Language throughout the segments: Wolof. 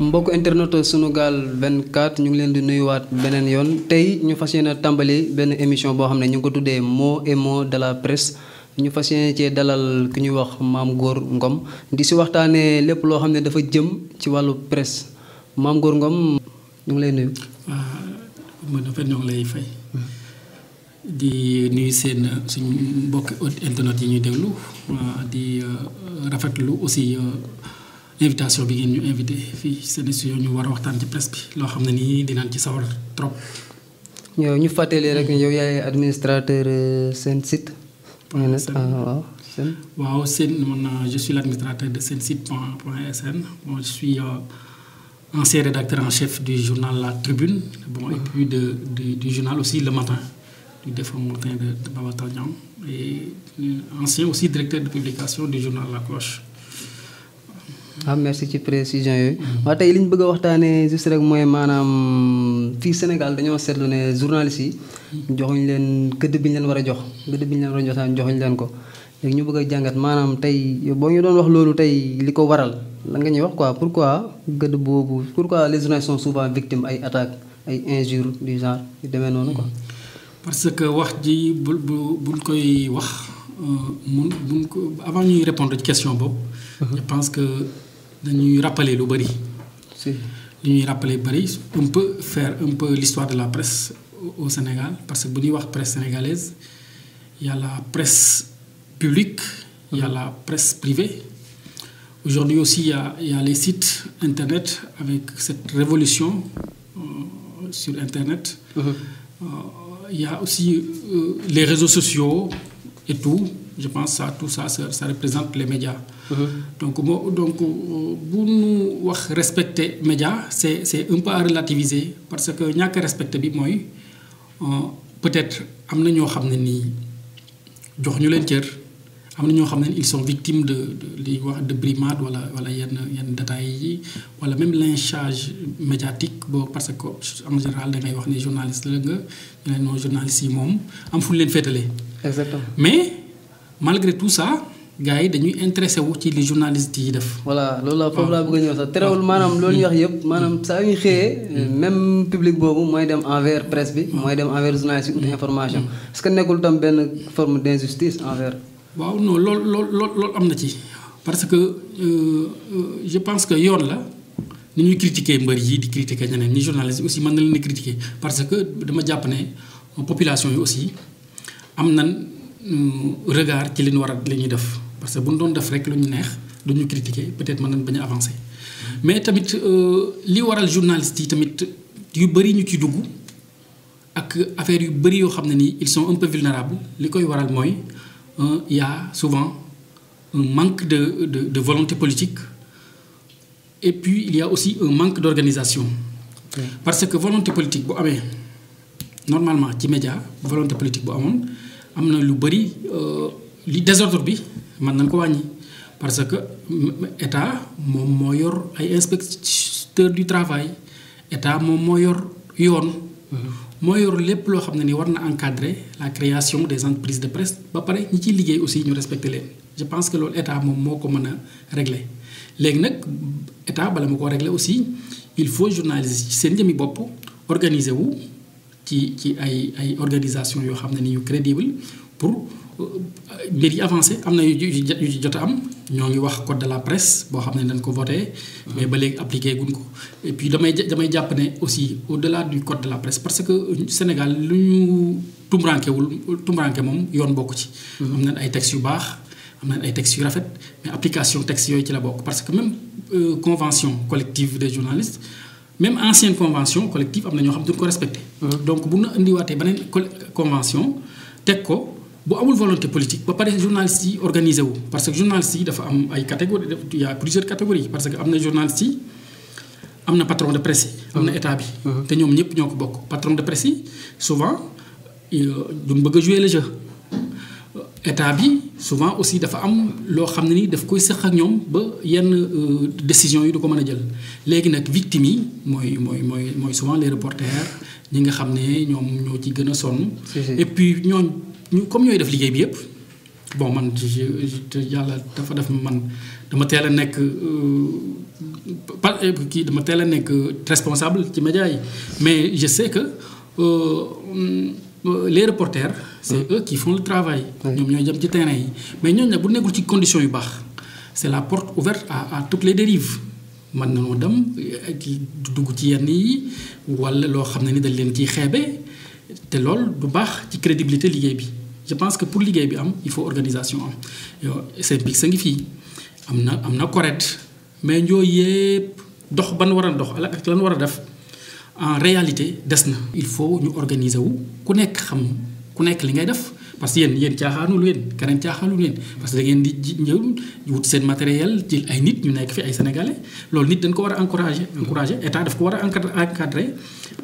mbokk internet Sunugal 24 ñu ngi leen di nuyuwaat beneen yoon tey ñu fas yéene tàmbali benn émission boo xam ne ñu ngi ko tuddee moo et mots de ñu fas yéene cee dalal ki ñuy wax maam góor Ngom di si waxtaanee lépp loo xam ne dafa jëm ci wàllu presse Mame Gor Ngom ñu ngi lay nuyu. Ah, man en fait ñoo lay fay. Hmm. di nuyu seen suñu mbokk internet yi ñuy déglu ah, di euh, rafetlu aussi. Euh, invitation bi ngeen ñu invité fii seen studio ñu war a waxtaan ci presse bi loo xam ne nii dinaan ci sawar trop. yow ñu fàttali rek yow yaay administrateur euh, seen site. point net ah, waaw seen. waaw seen man euh, de seen site point point sn bon je suis. Euh, ancien rédacteur en chef du journal La Tribune bon et ah. puis de, de du journal aussi Le Matin du défunt Matin de, de Babacar Niang et euh, ancien aussi directeur de publication du journal La Cloche waaw ah, merci ci précision yooyu. waaw tey li ñu bëgg a waxtaanee juste rek mooy maanaam fii Sénégal dañoo seetlu ne journalistes yi. joxuñ leen gëdd bi ñu leen war a jox gëdd bi ñu leen war a jox joxuñ leen ko. ñu bëgg a jàngat maanaam tey boo ñu doon wax loolu tey li ko waral la nga ñuy wax quoi pourquoi gëdd boobu pourquoi les journalistes sont souvent victimes ay attaque ay injures du genre yu demee noonu ko parce que wax ji bu bu buñ koy wax euh, mun buñ ko avant ñuy répondre ci question boobu. Uh-huh. dañuy rappeler lu bëri. li ñuy rappeler bëri on peut faire un peu l'histoire de la presse au Sénégal parce que bu ñuy wax presse sénégalaise yàlla a presse publique. il y a la presse privée. Aujourd'hui aussi, il y, a, il y, les sites Internet avec cette révolution euh, sur Internet. Uh aussi euh, les réseaux sociaux et tout. je pense ça tout ça ça, ça représente les média mm-hmm. donc moo donc euh, bu nu wax respecte média c' est c' est un peu à parce que ñàkk respecté bi mooy euh, peut-être am na ñoo xam ne nii jox ñu leen cër am na ñoo xam ne ils sont victimes de li wax de brimade wala wala yenn yenn détails yi wala même lynchage médiatique boo parce que en général da ngay wax ne journaliste la nga ñu ne non journaliste yi moom am fu ñu leen féetalee. exactement mais. malgré tout ça gars yi dañuy intéressé wu ci li journaliste yi def. voilà loolu la foofu laa bëgg ñëw sax terewul maanaam loolu ñu wax yëpp mm-hmm. maanaam saa yu ñu xëyee. Mm-hmm. même public boobu mooy dem envers presse bi. Mm-hmm. mooy dem envers journaliste yi information. est-ce que nekkul tam benn forme d'injustice envers. waaw non loolu loolu loolu am na ci parce que euh, euh, je pense que yoon la ni ñuy critiquer mbër yi di critiquer ñeneen ñi journaliste aussi mën na leen a critiquer parce que dama jàpp ne population yi aussi am nan regard ci li ñu war a li ñuy def parce que bu ñu doon def rek lu ñu neex du ñu critiquer peut-être mën nañ bañ a mais tamit euh, li waral journalistes yi tamit yu bëri ñu ci dugg ak affaire yu bëri yoo xam ne nii ils sont un peu vulnérables li koy waral mooy euh, y a souvent un manque de de de volonté politique et puis il y aussi un manque d'organisation. parce que volonté politique bu amee normalement ci média volonté politique bu amoon. am na lu bëri euh, li désordre bi mën nañ ko wàññi parce que état moom moo yor ay inspecteur du travail état moom moo yor yoon. moo yor lépp loo xam ne ni war na encadre la création des entreprises de presse ba pare ñi ciy liggéey aussi ñu respecter leen je pense que loolu état moom moo ko mën a régler léegi nag état bala ma ko régler aussi il faut journalistes yi seen jëmi bopp organiser wu. ci ci ay ay organisation yoo xam ne ni yu crédible pour euh, mbir yi avancé am na yu yu ci jot am ñoo ngi wax code de la presse boo xam ne dañ ko voté. Ah. mais ba léegi appliqué guñ ko. et puis damay damay jàpp ne aussi au delà du code de la presse parce que Sénégal lu ñu tumrankewul tumranke moom yoon bokk ci. Mm-hmm. am nañ ay textes yu baax am nañ ay textes yu rafet mais application textes yooyu ci la bokk parce que même euh, convention collective des journalistes. même ancienne convention collective am na ñoo xam duñ ko respecté. donc bu ñu indiwaatee beneen convention teg ko bu amul volonté politique ba pare journalistes yi organisé wu. parce que journalistes yi dafa am ay catégories il y a plusieurs catégories parce que am na journalistes yi am na patron de presse yi. am na état bi. te ñoom ñëpp ñoo ko bokk patron de presse yi souvent euh, duñ bëgg a jouer le jeu. état bi souvent aussi dafa am loo xam ne ni daf koy sëq ak ñoom ba yenn euh, décision yi du ko mën a jël léegi nag victimes yi mooy mooy mooy mooy souvent les reporters ñi nga xam ne ñoom ñoo ci gën a sonn. et puis ñooñu comme ñooy def liggéey bi yëpp bon man yàlla dafa def man dama teel a nekk euh, par kii dama teel a nekk responsable ci média yi mais je sais que euh, les reporters. c'est eux qui font le travail. ñoom ñooy jëm ci terrain yi mais ñooñu nag bu nekkul ci condition yu baax c'est la porte ouverte à à toutes les dérives mën nañoo dem eh, ci dugg ci yenn yi wala loo xam ne ni dañ leen ciy xeebe te lool du baax ci crédibilité liggéey bi je pense que pour liggéey bi am il faut organisation am yow SYNPICS sa ngi fii am na am na correct mais njoo yëpp dox ban war a dox ak lan war a def en réalité des na. il faut ñu organiser wu ku nekk xam. ku nekk li ngay def parce que yéen yéen caaxaanul leen keneen caaxaanul leen parce que da ngeen di ji ñëw wut seen matériel jël ay nit ñu nekk fi ay sénégalais loolu nit dañ ko war a encourager encourager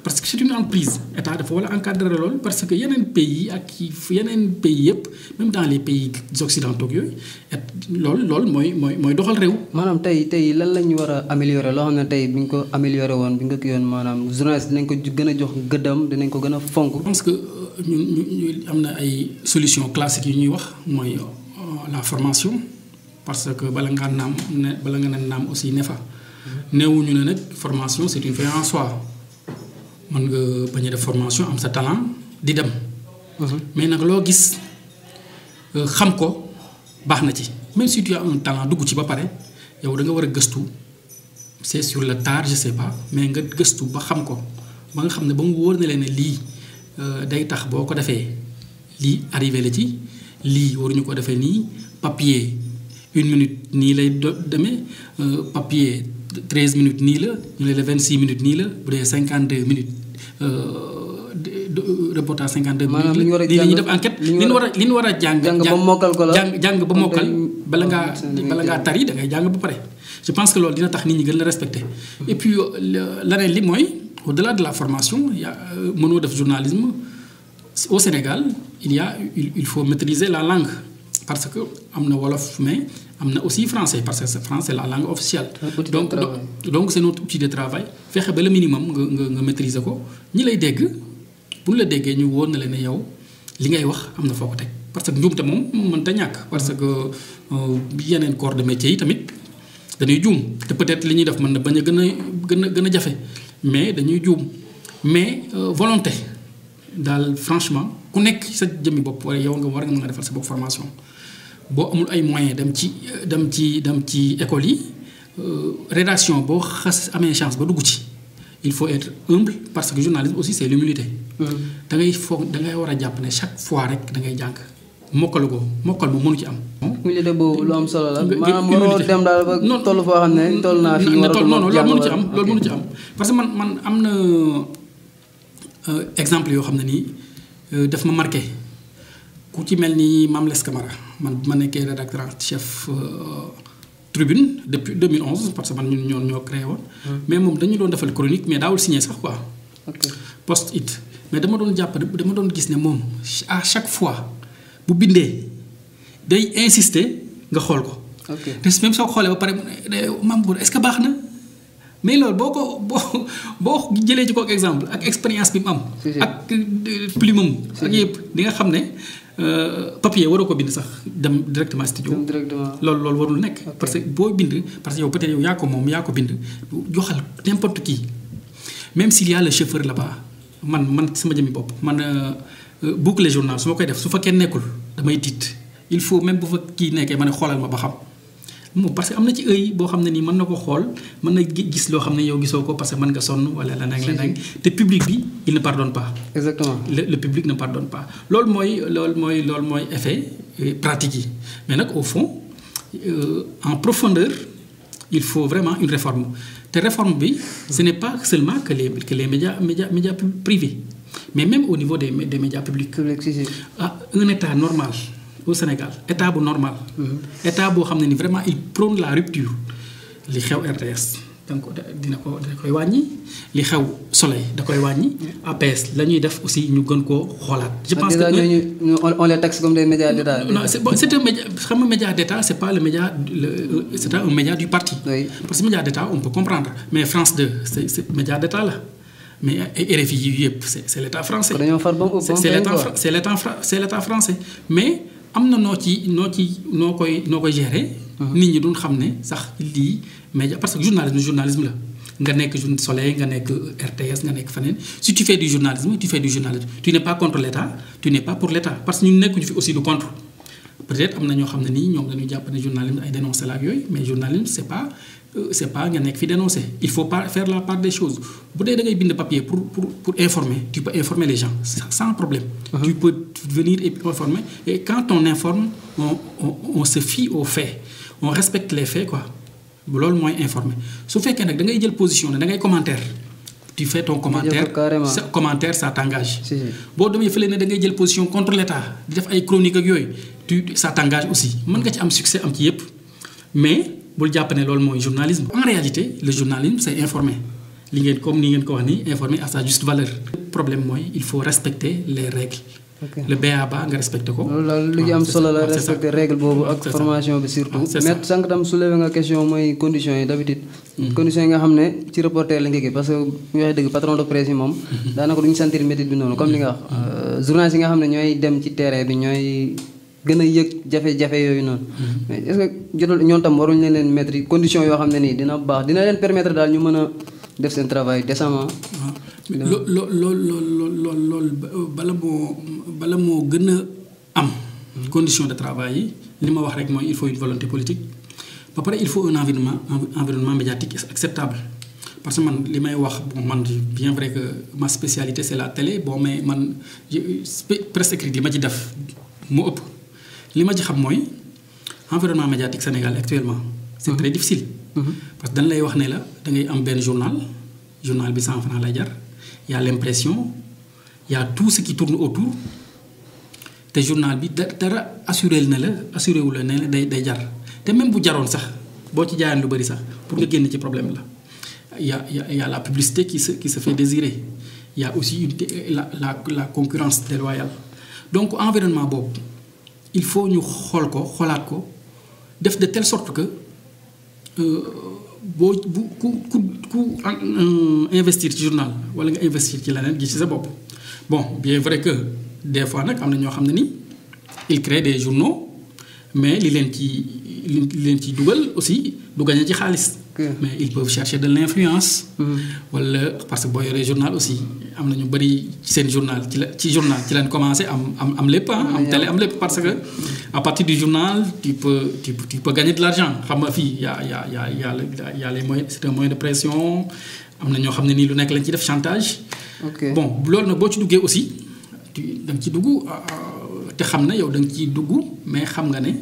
parce que c'est une entreprise état dafa war a encadrer loolu parce que yeneen pays ak yeneen pays yëpp même dans les pays occidentaux yooyu loolu loolu mooy mooy mooy doxal réew. maanaam tey tey lan la ñu war a améliorer loo xam ne tey bu ñu ko améliorer woon bu ñu ko kii woon maanaam journaliste dinañ ko gën a jox gëddam dinañ ko gën a fonk. parce que euh, ñu ñu am na ay solution classique yu ñuy wax mooy euh, la formation parce que bala ngaa naam bala nga ne naam aussi ne fa mm-hmm. newuñu ne nag formation c'est une fin en soi mën nga bañ a def formation am sa talent di dem mm-hmm. mais nag loo gis euh, xam ko baax na ci même si tu as talent dugg ci ba pare yow da nga war a gëstu c'est sur le tard je sais pas mais nga gëstu ba xam ko ba nga xam ne ba mu wóor na leen lii Euh, day tax boo ko defee lii arrivé la ci lii waruñu ko defee nii papier une minute nii lay do demee euh, papier treize minutes nii la ñu ne la vingt six minutes nii la bu dee cinquante deux minutes euh, reportage cinquante deux minutes. li ñu war a jàng def enquête li ñu war li ñu war a jàng. jàng ba mokkal ko la jàng ba mokkal. bala ngaa bala ngaa tari da ngay jàng ba pare. je pense que loolu dina tax nit ñi gën la respecter. et puis leneen li mooy. au-delà de la formation il euh, mënoo def journalisme au Sénégal il y il faut maîtriser la langue parce que am na wolof mais am na aussi français parce que français la langue officielle. donc donc c'est notre outil de travail. fexe ba le minimum nga nga nga maîtriser ko ñi lay dégg bu ñu la déggee ñu woon na leen ne yow li ngay wax am na foo ko teg parce que njuumte moom mënta ñàkk. parce que euh, yeneen corps de métier yi tamit dañuy juum te peut-être li ñuy def mën na bañ a gën a gën a gën a jafe. mais dañuy juum mais euh, volonté daal franchement ku nekk sa jëmmi bopp wala yow nga war nga mën a defal sa bopp formation boo amul ay moyens dem ci euh, dem ci dem ci école yi euh, rédaction boo xas amee chance ba dugg ci il faut être humble parce que journalisme aussi c'est l'humilité mmh. da ngay foog da ngay war a jàpp ne chaque fois rek da ngay jàng mokkal ko mokkal moom mënu ci am. humilité boobu lu am solo la. maanaam waroo dem toll foo xam ne toll naa fii. loolu mënu ci am loolu ci am. parce que man man am na euh, exemple yoo xam ne nii euh, def ma marqué ku ci mel ni Mame Less Camara man bu ma nekkee rédacteur en chef euh, tribune depuis 2011 parce que man ñun ñoo ñoo créé woon. Hmm. mais moom dañu doon defal chronique mais daawul signé sax quoi. post it mais dama doon jàpp dama doon gis ne moom à chaque fois. bu bindee day insister nga xool ko. te même soo xoolee ba pare maam góor ce que baax na mais loolu boo ko boo boo jëlee ci kooku exemple ak expérience bi am. ak euh, plume yëpp di nga xam ne euh, papier waroo ko bind sax dem directement studio. loolu loolu warul nekk. parce que boo bind parce que yow peut-être yow moom yaa ko bind joxal n'importe qui même s'il y a man man sama jëmmi bopp man. Euh, Euh, boucler journal su ma koy def su fa kenn nekkul damay tiit il faut même bu fa kii nekkee ma ne xoolal ma ba xam moom parce que am na ci œil boo xam ne nii mën na ko xool mën na gis loo xam ne yow gisoo ko parce que mën nga sonn wala leneen leneen te public bi il ne pardonne pas. exactement le le public ne pardonne pas. loolu mooy lool mooy loolu mooy effet euh, pratique yi mais nag au fond euh, en profondeur il faut vraiment une réforme te réforme bi ce n'est pas seulement que les que les médias médias médias mais même au niveau des des médias publics. ah un état normal au Sénégal état bu normal. Mm-hmm. état boo xam ne ni vraiment il prône la rupture li xew RTS. donc dina ko dina koy wàññi li xew soleil da koy wàññi APS la ñuy def aussi ñu gën koo xoolaat. je ah, pense que ñooñu on les taxe comme des médias d'état. non c'est bon c'est média xam nga média c'est un média du parti. parce que média d'état on peut comprendre mais France 2 c'est c'est média la. mais RFI yi yëpp c' est l' état français. dañoo far français mais am na noo ci noo ci noo koy noo koy gérer. Mhm. nit ñi duñ xam ne sax lii média parce que journalisme journalisme la. nga nekk journal soleil nga nekk RTS nga nekk faneen si tu fais du journalisme tu fais du journalisme tu n'es pas contre l'État tu n'es pas pour l'État parce que ñun nekkuñu fi aussi du contre peut-être am na ñoo xam ne nii ñoo dañu jàpp ne journalisme ay dénoncé la yooyu mais Euh, c'est pas nga nekk fi dénoncer il faut pas faire la part des choses bu dee da bind papier pour pour informer tu peux informer les gens sans problème. Uh-huh. tu peux venir informer et quand informe on on, on se on respecte les faits quoi loolu mooy informer su fekkee nag da ngay jël position ne da ngay commentaire. tu fais ton commentaire sa commentaire ça t'engage. boo demee fële ne da ngay jël position contre l'État di def ay chroniques ak yooyu tu ça t'engage aussi mën nga ci am succès am ci bul jàpp ne loolu mooy journalisme. en réalité le journalisme c'est informer li ngeen comme ni ngeen ko wax ni informer à sa juste valeur. problème mooy il faut respecter les règles. ok le BABA nga respecté ko. loolu lu am solo la respecté règle boobu ak formation bi surtout. Ah, c'est ça tam soulevé nga question mooy conditions yi d'habitude. Mhm. conditions yi nga xam ne ci reporter la nga parce que bu ñu dëgg patron de presse yi moom. Mhm. daanaka du ñu gën a yëg jafe-jafe yooyu noonu. Mm-hmm. mais est-ce que jotul ñoom tam waruñ leen leen mettre condition yoo xam ne nii dina baax dina leen permettre daal ñu mën a def seen travail décemment. Ah. loo loo lool lool lool bala moo bala moo gën a am. condition de travail yi li ma wax rek mooy il faut une volonté politique ba pare il faut un environnement environnement médiatique acceptable parce que man li may wax bon man bien vrai que ma spécialité c'est la télé bon mais man presse écrite li ma ci def moo ëpp. li ma ci xam mooy environnement médiatique Sénégal actuellement. c' est mhm. très difficile. Mhm. parce que dañ lay wax ne la da ngay am benn journal journal bi cent franc lay jar y' a l' impression y' a tout ce qui tourne autour te journal bi dara assuré na la assuré wu la ne la day day jar te même bu jaroon sax boo ci jaayaan lu bëri sax pour nga génn ci problème la. y' a y' a la publicité qui sa qui se fait désirer y' a aussi la la la concurrence déloyale donc environnement boobu. il faut ñu xool ko xolaat ko def de telle sorte que euh, boo bu ku ku ku euh, investir ci journal wala nga investir ci leneen gi ci sa bopp. bon bien vrai que des fois nag am na ñoo xam ne ni il crée des journaux mais li leen ci li leen ci dugal aussi du gañe ci xaalis. mais ils peuvent chercher de l'influence. Mm. wala parce que boo yoree journal aussi am na ñu bëri seen journal ci la ci journal ci leen commencé am am am lépp ah, am mm, télé am lépp parce que à partir du journal tu peux tu tu peux gagner de l'argent xam nga fii y a y a y a y a y a les moyen de pression am na ñoo xam ne nii lu nekk lañ ci def chantage. bon loolu nag boo ci duggee aussi tu da ci dugg ah, te xam na yow da nga ciy dugg mais xam nga ne.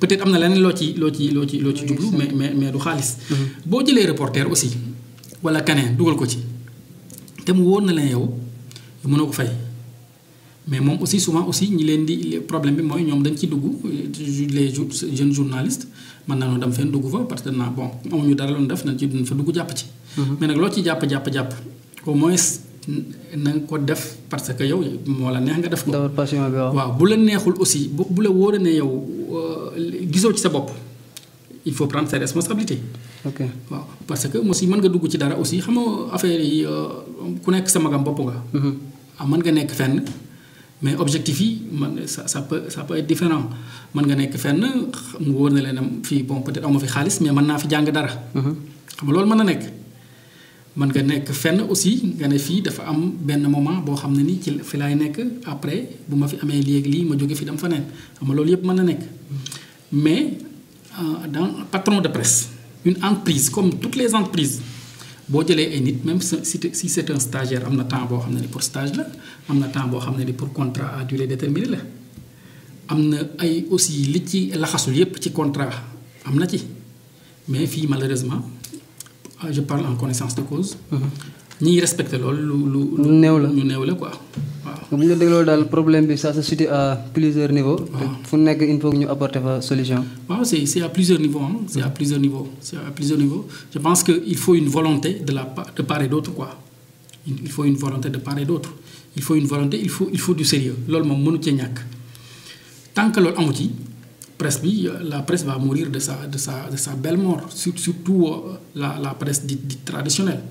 peut-être am na leneen loo ci loo ci loo ci loo ci jublu mais mais mais du xaalis. Mm-hmm. boo jëlee reporter aussi wala keneen dugal ko ci te mu woon na leen yow mënoo ko fay. mais moom aussi souvent aussi ñi leen di problème bi mooy ñoom dañ ci dugg euh, les jeune journalistes mën naa noo dem fenn dugg fa parce que naa bon amuñu dara loon def nañ ci duñ fa dugg jàpp ci mm-hmm. mais nag loo ci jàpp jàpp jàpp au moins na nga ko def parce que yow moo la neex nga def ko. dawal waaw. bu la neexul aussi bu bu la wóoree ne yow euh, gisoo ci sa bopp il faut prendre ses responsabilités. ok waaw parce que aussi mën nga dugg ci dara aussi xam nga affaire yi euh, ku nekk sa magam bopp nga. man mhm. ah, nga nekk fenn mais objectif yi man ça ça peut différent mën nga nekk fenn mu wóor na leen fii bon peut-être fi xaalis mais mën naa fi jàng dara. Mhm. xam nga loolu mën na nekk. mën nga nekk fenn aussi nga ne fii dafa am benn moment boo xam ne ni ci fi laay nekk après bu ma fi amee léegi lii ma jóge fi dem faneen xam nga loolu yëpp mën na nekk mais euh, dans patron de presse une entreprise comme toutes les entreprises boo jëlee ay nit même si c'est un am na temps boo xam ne ni pour stage la am na temps boo xam ne ni pour contrat à durée déterminée la am na ay aussi li ci laxasul yëpp ci contrat am na ci mais fii malheureusement je parle en connaissance de cause. Mhm. ñiy respecté loolu lu lu. lu néew la lu néew la quoi waaw. bu ñu la dégloo daal problème bi ça se à plusieurs niveaux. fu nekk il faut ñu apporter fa solution. waaw c' à plusieurs niveaux ah. à mhm. plusieurs niveaux c' à plusieurs niveaux je pense que il faut une volonté de la part de part et d' autre quoi il faut une volonté de part et d' autre il faut une volonté il faut du sérieux loolu moom mënu cee ñàkk tant loolu amu presse bi la presse va mourir de sa de sa de sa belle mort surtout euh, la la presse dite dite traditionnelle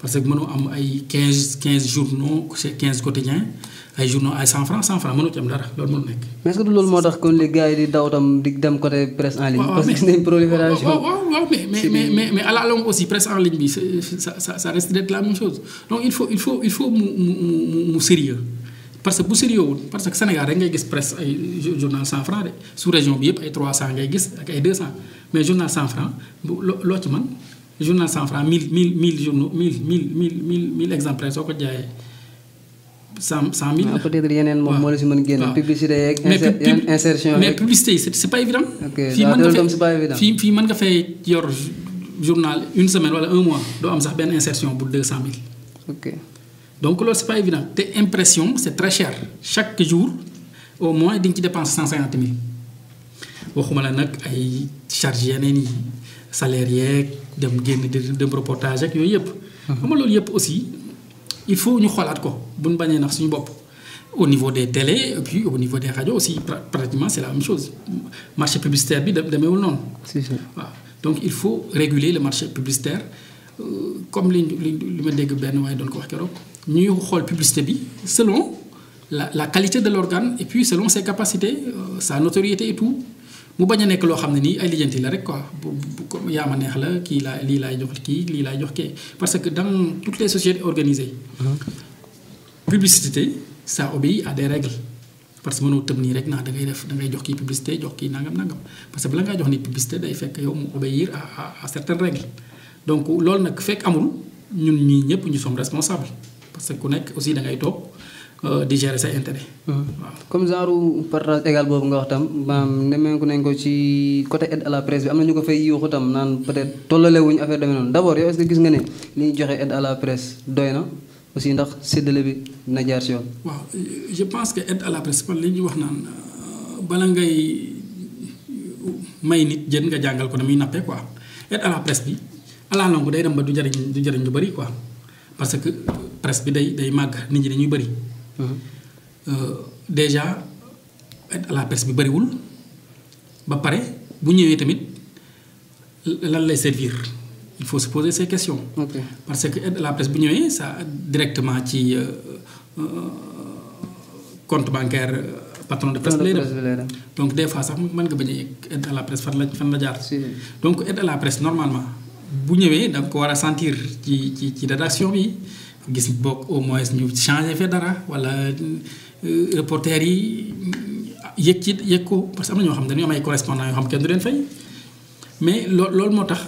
parce que mënoo am ay quinze quinze journaux quinze quotidiens ay journaux ay cent francs cent francs mënoo ci dara loolu mënul nekk. mais est-ce que loolu moo tax kon les gars di daw tam di dem côté presse en ligne. parce que c'est une prolifération. waaw waaw mais mais mais mais à aussi presse en ligne bi ça ça ça reste d'être la même chose donc il faut il faut il faut mu parce que bu sérieux wul parce que Sénégal rek ngay gis presse ay journal cent franc de sous région bi yëpp ay trois cent ngay gis ak ay deux cent mais journal cent franc bu loo ci man journal cent franc mille mille mille journaux mille mille mille mille mille exemplaires soo ko jaayee cent cent mille. waaw ah, peut yeneen moom moo la si mën génn. publicité yeeg insertion mais publicité yi c'est pas évident. fii mën nga fee fii fii nga fee yor journal une semaine wala un mois doo am sax benn insertion bu cent mille. donc loolu c'est pas évident te impression c'est très cher chaque jour au moins di nga ci dépense cent cinquante mille waxuma la nag ay charges yeneen yi salaire yeeg dem génn dem reportage ek yooyu yëpp. xam loolu yëpp aussi il faut ñu xoolaat ko bu ñu bañee nax suñu bopp. au niveau des télés et puis au niveau des radios aussi pratiquement c'est la am chose marché publicitaire bi demeewul noonu. waaw donc il faut réguler le marché publicitaire euh, comme li lu ma dégg benn waaye doon ko wax keroog. ñuy xool publicité bi selon la la qualité de l'organe et puis selon ses capacité euh, sa notoriété et mu bañ a nekk loo xam ne nii ay lijjanti la rek quoi bu bu yaa neex la kii laa lii laay jox kii lii laay jox kee que dans toutes les sociétés organisées. Uh-huh. publicité ça obéit à des règles. parce que mënoo tëb nii rek naa da ngay def da ngay jox kii publicité jox kii nangam nangam parce que bala ngaa jox ni publicité day fekk yow mu obéir à à certaines donc loolu nag fekk amul ñun ñii ñëpp ñu sommes responsables. parce que ku nekk aussi da ngay toog euh, di gérer sa intérêt. Hmm. waaw comme genre partage égal boobu nga wax tam maanaam nemmeeku nañ ko ci côté aide à la presse bi am na ñu ko fay yuuxu tam naan peut-être tollale wuñu affaire demee noonu gis nga ne li ñuy à la presse doy na aussi ndax séddale bi na jaar si yoon. waaw je pense que aide à la presse li ñu wax naan euh, bala ngay may nit jën nga jàngal ko na muy nappee bi à la longue day dem ba du jariñ du jariñ lu bari quoi parce que. presse bi day day màgg nit ñi dañuy bëri. Mhm. Euh, déjà la presse bi bëriwul ba pare bu ñëwee tamit lan lay servir il faut se poser ces questions. parce que aide la presse bu ñëwee sa directement ci euh, euh, compte bancaire euh, patron de presse bi lay dem donc des fois sax mën nga bañ a yegg aide à la presse fan la fan la jaar. donc aide à la presse normalement bu ñëwee da ko war a sentir ci ci ci rédaction bi. gis bokk au moins ñu changé fee dara wala euh, reporter yi yëg ci yëg ko parce que am na ñoo xam ne am ay correspondant yoo xam kenn du leen fay mais loo loolu moo tax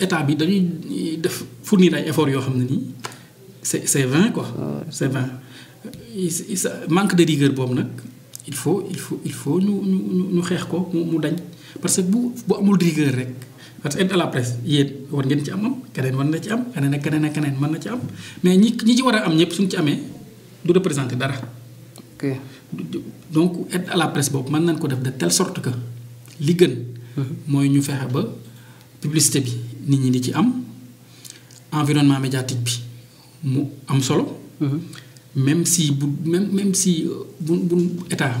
état bi dañuy def fournir ay efforts yoo xam ne nii c'est c'est vain quoi ah c'est vain manque de rigueur boobu nag il faut il faut il faut ñu ñu ñu xeex ko mu dañ parce que bu bu amul rigueur rek parce que aide à la presse war ngeen ci am am keneen war na ci am keneen ak keneen ak keneen mën na ci am mais ñi ñi ci war am ñëpp suñ amee du représenté dara. donc aide à la presse boobu mën nañ ko def de telle sorte que li gën. Mhm. mooy ñu fexe ba publicité bi nit ñi di ci am environnement médiatique bi mu am solo. Mhm. même si bu même si euh, bu bu état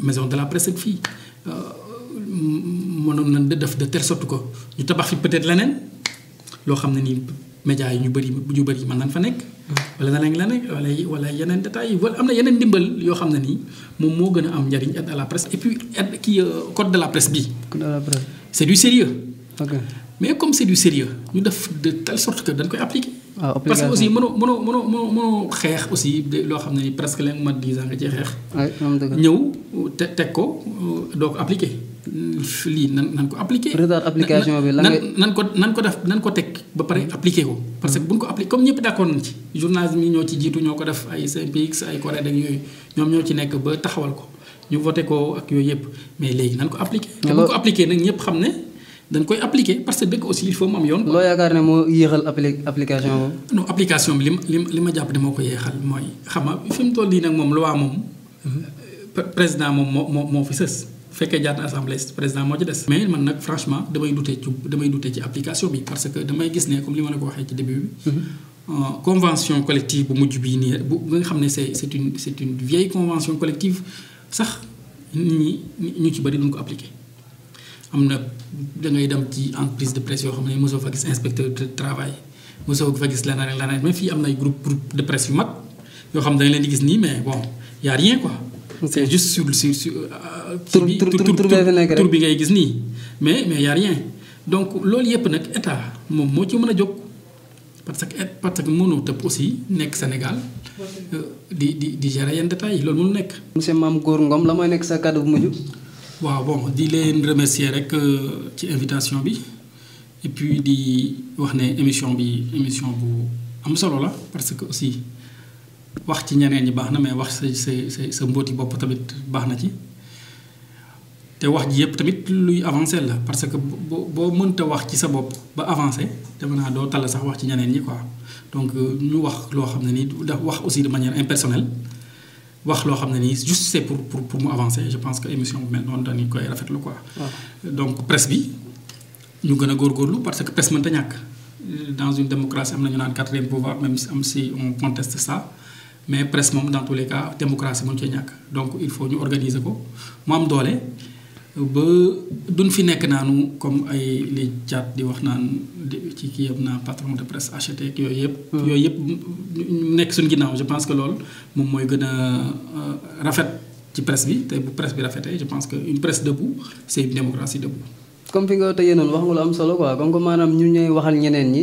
maison de la presse ak fii. Euh, mënoon nañ de def de telle sorte que ñu tabax fi peut-être leneen loo xam ne nii médias yi ñu bëri ñu bëri mën nañ fa nekk. wala leneen la wala wala yeneen détails yi wala am na yeneen ndimbal yoo xam ne nii moom moo gën a am njariñ aide la presse et puis aide kii euh, code de la presse bi code de la presse mais comme c'est du sérieux ñu def de telle que dañ koy appliquer. Ah, parce que aussi mënoo mënoo mënoo mënoo mënoo xeex aussi loo xam ne ni presque léegi mat dix ans nga ci xeex. ñëw te teg ko euh, doo ko appliquer. lii nan nan ko appliqué. retard application la nan ko nan ko def nan ko teg ba pare appliqué ko. parce que bu ñu ko appliqué comme ñëpp d'accord nañ ci. journalisme yi ñoo ci jiitu ñoo ko def ay CNPX ay CORED ak yooyu ñoom ñoo ci nekk ba taxawal ko ñu voté ko ak yooyu yëpp mais léegi nan ko appliqué. te bu ko appliqué nag ñëpp xam ne dañ koy appliqué parce que dëkk aussi il faut moom am yoon. loo yaakaar ne moo yéexal appli application boobu. non application bi li ma li ma jàpp ne moo ko yéexal mooy xam nga fi mu toll nii nag moom loi moom mhm. euh, président moom moo moo moo fi sës. bu fekkee jaar na assemblée président moo ci des. mais man nag franchement damay dute ci application bi parce que damay gis ne comme li ma la ko waxee ci début mhm. euh, convention collective bu mujj bii nii bu nga xam ne c'est c'est une c'est une vieille convention collective sax ñu ci bëri duñ ko appliqué. am na dangay dem ci entreprise de presse yoo xam ne mosoo fa gis inspecteur de travail mosoo fa gis leneen ak leneen mais fii am na groupe groupe de presse yu mag leen di gis nii mais bon y a c'est juste sur sur sur. Euh, tur tur bi ngay gis nii mais mais y a rien donc loolu yëpp nag état moom moo ci mën a jóg parce que parce que mënoo tëb aussi nekk Sénégal euh, di di di gérer yenn détails loolu mënu nekk. monsieur maam góor Ngom la mooy nekk sa kàddu bu mujj. waaw bon di leen remercier rek euh, ci invitation bi et puis di wax ne émission bi émission bu am solo la parce que aussi. wax ci ñeneen ñi baax na mais wax sa sa sa sa mbóoti bopp tamit baax na ci te wax ji yëpp tamit luy avancer la parce que boo boo mënta wax ci sa bopp ba avancer dama naa doo tal sax wax ci ñeneen ñi quoi donc euh, ñu wax loo xam ne nii da wax aussi de manière impersonnelle wax loo xam ne nii juste c'est pour pour pour je pense que émission bu mel noonu dañu koy rafetlu bi ñu gën a góorgóorlu parce que presse mënta ñàkk dans une démocratie am na ñu naan quatrième pouvoir même si am si on conteste ça. mais presse moom dans tous les cas démocratie moom ci ñàkk donc il faut ñu organiser ko mu am doole ba duñ fi nekk naanu comme ay li jaat di wax naan ci kii yëpp naa patron de presse acheté yooyu yëpp. Hmm. yooyu yëpp nekk suñ ginnaaw je pense que loolu moom mooy gën a euh, rafet ci presse bi te bu presse bi rafetee je pense que une presse debout c'est une démocratie debout. comme fi nga tëjee noonu wax nga lu am solo quoi comme que maanaam ñun ñooy waxal ñeneen ñi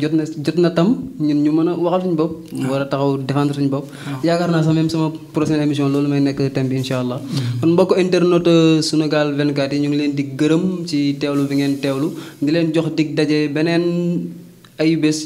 jot na jot na tam ñun ñu mën a waxal suñu bopp. Ah. war a taxaw défendre suñu bopp. Ah. yaakaar naa sax même sama prochaine émission loolu may nekk thème bi incha allah. Mm-hmm. kon mbokk internet Sunugal 24 yi ñu ngi leen di gërëm ci teewlu bi ngeen teewlu di leen jox dig daje beneen ay bés.